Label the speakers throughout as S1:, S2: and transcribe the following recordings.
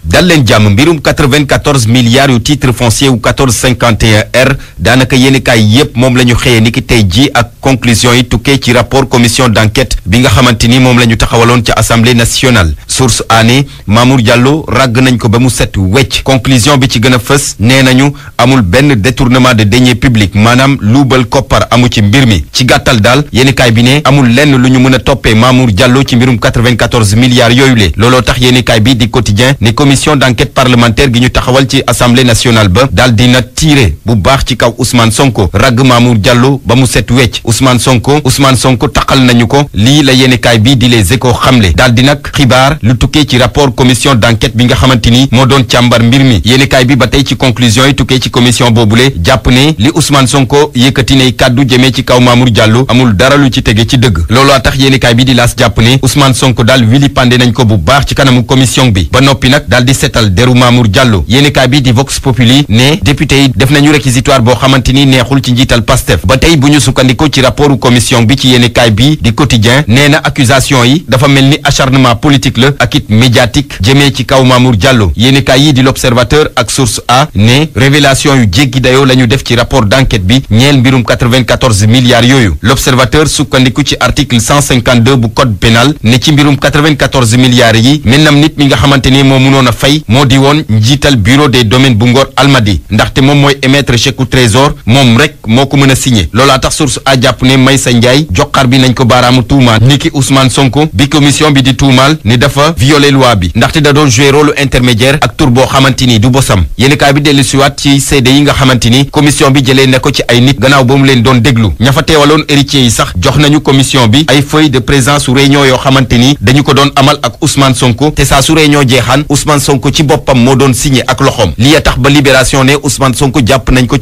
S1: dal leen jàmm mbirum 94 milliards yu titre foncier wu 1451 R daanaka yéenekaay yépp moom la ñu xëyee niki tey jii ak conclusion yi tukkee ci rapport commission d'enquête bi nga xamante ni moom la ñu taxawaloon ca assemblée nationale source aané Mamour Diallo ràgg nañ ko ba mu set wecc conclusion bi ci gën a fës nee nañu amul benn détournement de deniers publics maanaam luubal koppar amu ci mbir mi ci gàttal daal yéenikaay bi ne amul lenn lu ñu mën a toppee Mamour Diallo ci mbirum 94 milliards yooyu le looloo tax yéenikaay bi di quotidien ne commission d'enquête parlementaire gi ñu taxawal ci assemblée nationale ba daal dina tiire bu baax ci kaw Ousmane Sonko ràgg Mamour Diallo ba mu set Ousmane Sonko Ousmane Sonko taqal nañu ko lii la yéenekaay bi di Les Échos xamle daal di bi nga xamante ni moo doon càmbar mbir mi yéenekaay bi ba tey ci conclusion yi tukkee ci commission boobule jàpp ne li Ousmane Sonko yëkkati ne kàddu ci kaw Mamour Diallo amul dara lu ci tege ci dëgg looloo tax yéenekaay bi di laas jàpp ne Ousmane Sonko daal wili pande nañ ko bu baax ci kanamu commission bi ba noppi nag daal di setal deru Mamour Diallo yéenekaay bi di Vox Populi ne député yi def nañu réquisitoire boo xamante ni neexul ci njiital Pastef ba tey bu ñu sukkandiko ci ci rapportu commission bi ci yéenekaay bi di quotidien nee na accusation yi dafa mel ni acharnement politique la ak it médiatique jëmee ci kaw Mamour Diallo yéenekaay yi di l'observateur ak source a ne révélation yu jéggi dayoo la ñu def ci rapport d'enquête bi ñeel mbirum 94 milliards yooyu l'observateur sukkandiku ci article 152 bu code pénal ne ci mbirum 94 milliards yi mennam nit mi nga xamante ni moo mënoon a fay moo di woon njiital bureau des domaines bu Ngor Almadi ndaxte moom mooy émettre chèque trésor moom rek moo ko mën a signé a jàpp ne Maysa Ndiaye joxar bi nañ ko baaraamu tuumaan niki Ousmane Sonko bi commission bi di tuumaal ni dafa violé loi bi ndaxte da doon joué rôle intermédiaire ak tur boo ni du bosam yéenekaay bi dellu siwaat ci seede yi nga xamante ni commission bi jëlee ne ko ci ay nit gannaaw ba mu leen doon déglu ña fa yi sax jox nañu commission bi ay feuille de présence su yoo xamante ni dañu ko doon amal ak Ousmane Sonko te saa su réunion jeexaan moo doon signé ak loxoom ba libération ne Ousmane Sonko ko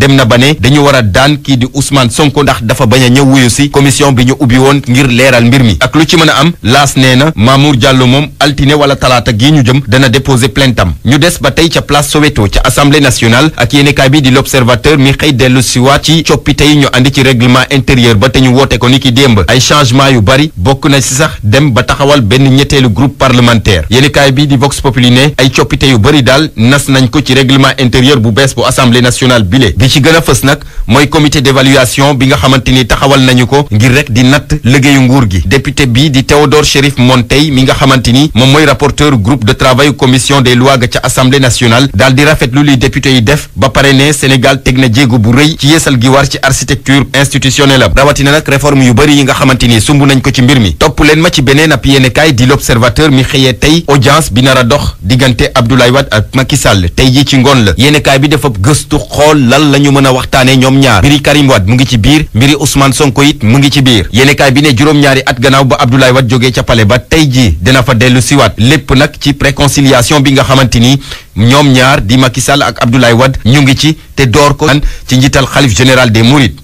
S1: dem na ba ne dañu war a daan kii di Ousmane Sonko ndax dafa bañ a ñëw wuyu si commission bi ñu ubbi woon ngir leeral mbir mi ak lu ci mën a am laas nee na Mamour Diallo moom altine wala talaata gii ñu jëm dana déposer plainte am ñu des ba tey ca place Soweto ca assemblée nationale ak yéenekaay bi di l'observateur mi xëy dellu siwaat ci coppite yi ñu andi ci règlement intérieur ba te ñu woote ko ni ki démb ay changement yu bari bokk na ci sax dem ba taxawal benn ñetteelu groupe parlementaire yéenekaay bi di Vox Populi ne ay coppite yu bari daal nas nañ ko ci règlement intérieur bu bees bu assemblée nationale bile ci gën a fës nag mooy comité d'évaluation bi nga xamante ni taxawal nañu ko ngir rek di natt liggéeyu nguur gi député bi di Théodore moon tey mi nga xamante ni moom mooy rapporteur groupe de travail commission des lois ga ca assemblée nationale daal di rafetlu li député yi def ba pare ne Sénégal teg na jéego bu rëy ci yeesal gi war ci architecture institutionnelle am rawatina nag réforme yu bëri yi nga xamante ni sumb nañ ko ci mbir mi topp leen ma ci beneen ab yéenekaay di l'observateur mi xëyee tey audience bi nar a dox diggante Abdoulaye Wade ak Macky Sall tey ji ci ngoon la yéenekaay bi dafa gëstu xool lan la ñu mën a waxtaane ñoom ñaar mbiri Karim Wade mu ngi ci biir mbiri Ousmane Sonko it mu ngi ci biir yéenekaay bi ne juróom-ñaari at gannaaw ba Abdoulaye Wade jógee ca pale ba tey ji dina fa dellu siwaat lépp nag ci préconciliation bi nga xamante ni ñoom ñaar di Macky Sall ak Abdoulaye Wade ñu ngi ci te door ko ci njiital xalif général des Mourides.